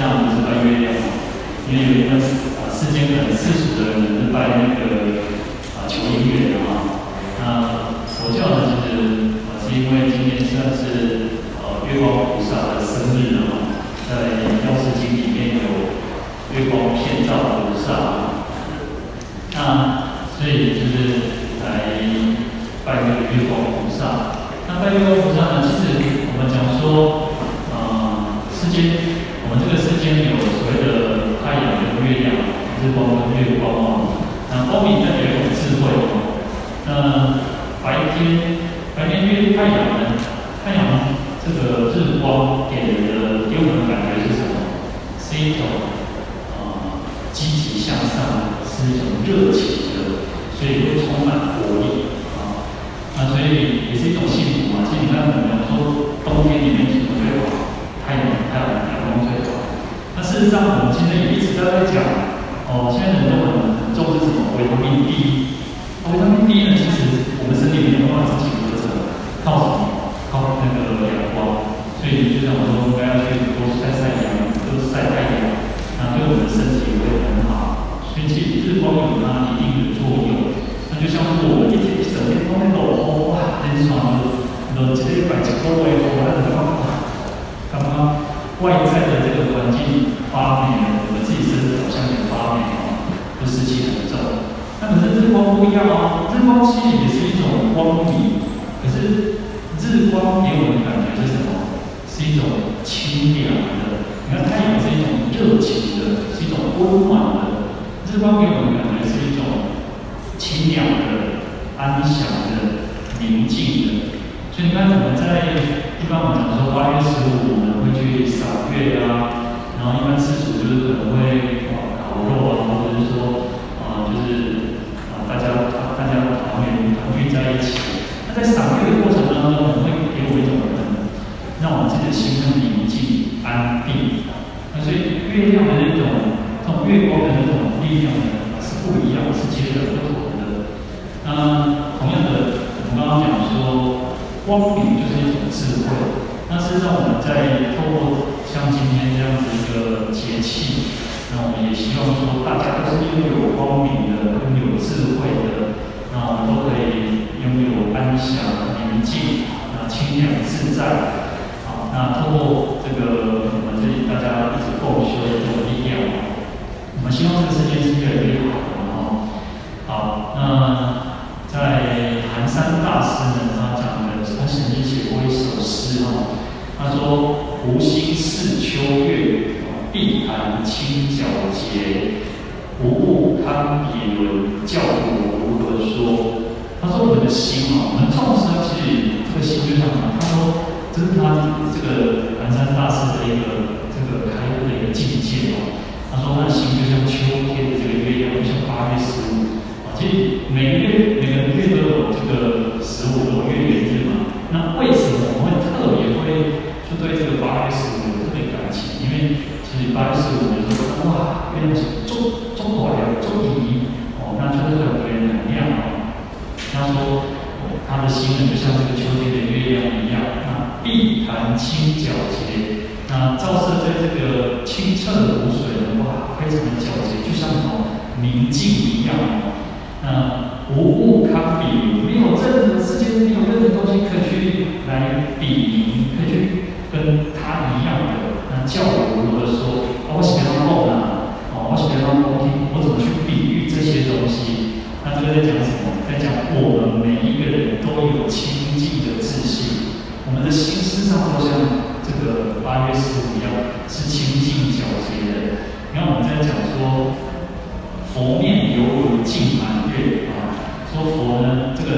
像我們是拜月亮，因為有一個啊時間可能四十的人是拜那個求啊求姻緣的嘛，那佛教呢就是啊是因為今天算是呃月光菩薩的生日了嘛，在《藥師經》裡面有月光遍照菩薩，那所以就是來拜那個月光菩薩，那拜月光菩薩。太陽這個日光給人的，給我們的感覺是什麼？是一種啊積極向上，是一種熱情的，所以會充滿活力啊。那、啊、所以也是一種幸福嘛、啊。基本上我們有說冬天裡面什麼最好？太陽太陽陽光最好。那事實上，我們現在也一直都在講哦、呃，現在很多人都很重視什麼？維他命 D。維他命 D 呢，其實我們身體裡面的話是。那個陽光，所以你就像我，說我們說該要去多曬曬太陽，多曬太陽，那對我們的身體也會很好。所以其實日光有它一定的作用，那就像我們一天一整天在那暴曬，哦，真爽，能直接把脂肪給火燃得更好。剛剛外在的這個環境發霉了，我們自己身體好像也發霉了，都濕氣很重，那可是日光不一樣哦，日光其實也是一種光明。所以你看，我們在一般我們說八月十五，我們會去賞月啊，然後一般習俗就是可能會烤肉啊，或者是說，啊、呃、就是啊、呃、大家大家團聚團聚在一起。那在賞月的過程當中，我們會點一種火讓我們自己的心靈寧靜安定，那所以月亮呢。光明就是一種智慧。那事實上，我們在透過像今天這樣子一個節氣，那我們也希望說，大家都是擁有光明的，擁有智慧的，那我們都可以擁有安詳、寧靜、那清涼自在。啊，那透過這個我們這裡大家一直共修的這種力量，我們希望這個世界是越來越好的。好，那在寒山大師呢？是哈、啊，他說：“吾心似秋月，啊、碧潭清皎潔，無物堪比倫，教我如何說？”他說我們的心啊，我們眾生其實這個心就像什麼、啊？他說這是他這個寒山大師的一個這個開悟的一個境界啊,啊。他說他的心就像秋天的這個月亮，就像八月十五，啊，其實每個月每個月都有。他說：“哦，他的心呢，就像這個秋天的月亮一樣，那碧潭清皎潔，那照射在這個清澈的湖水呢，哇，非常的皎潔，就像好明鏡一樣。那無物堪比倫。”在講我們每一個人都有清淨的自信，我們的心事上好像這個八月十五一樣，是清淨皎潔的。然後我們在講說，佛面猶如淨滿月啊，說佛呢，這個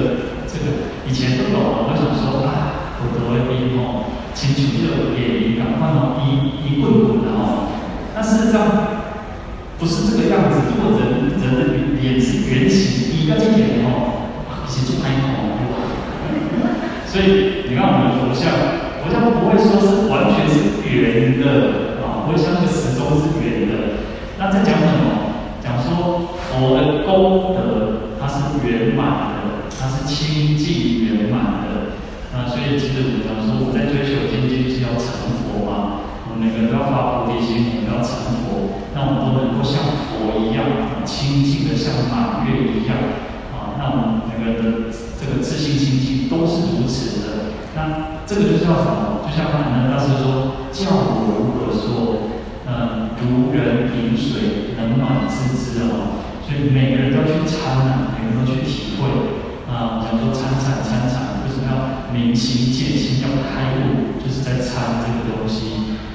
這個以前都懂，我想說啊，我得了一面，清、哦、除熱一點泥，趕快拿一一棍棍的後，但事實上不是這個樣子，如果人人的。也是圓形，你要這樣講哦，哇、啊，以前做還好嗎， 所以你看我們佛像，佛像不會說是完全是圓的啊，不會像個時鐘是圓的。那在講什麼？講說佛的功德，它是圓滿的，它是清淨。這個就叫什麼？就像剛才那個大師說：“教我如何說？嗯，如人飲水，冷暖自知啊、哦。”所以每個人都要去參啊，每個人都要去體會。啊、嗯，我們說參禪參禪，為什麼要明心見性？要開悟，就是在參這個東西。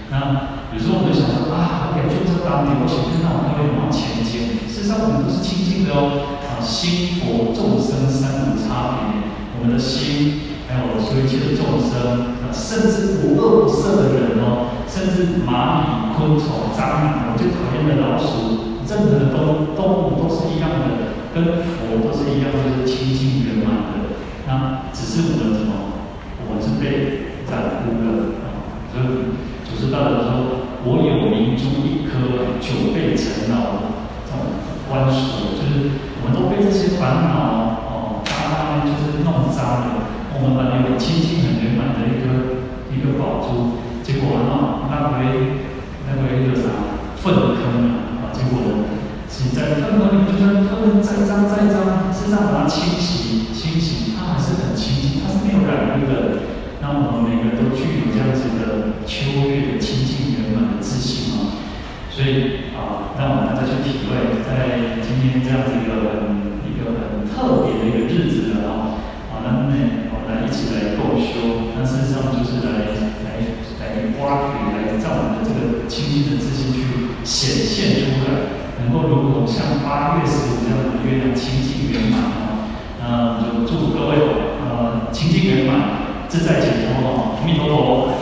那有時候我們就想說啊，我點就這當地，我錢是那我應該往錢捐。事實上我們都是清淨的哦。啊，心佛眾生三無差別，我們的心。還有所有的眾生，甚至無惡不赦的人哦，甚至螞蟻、昆蟲、蟑螂，我最討厭的老鼠，任何的動物都是一樣的，跟佛都是一樣，就是清淨圓滿的，那只是我的什麼，我們是被在乎的，啊、哦！所以，祖師大德說：“我有明珠一顆，久被塵勞這種關鎖，就是我們都被這些煩惱哦，大那邊就是弄髒了。”我們把那個清淨很圓滿的一個一個寶珠，結果啊，那回、個、那回、個、個啥糞坑啊，結果，是在糞坑裡面，糞坑再髒再髒，身上拿清洗清洗，它還、啊、是很清淨，它是沒有染污的。讓我們每個人都具有這樣子的秋月清清的清淨圓滿的自信嘛。所以啊，讓我們大家去體會，在今天這樣子一個。實際上就是來來來挖掘，來讓我們的這個清淨的自信去顯現，現出來，能夠如同像八月十五這樣的月亮清淨圓滿啊！那、呃、就祝各位呃清淨圓滿，自在解脫哦，福慧多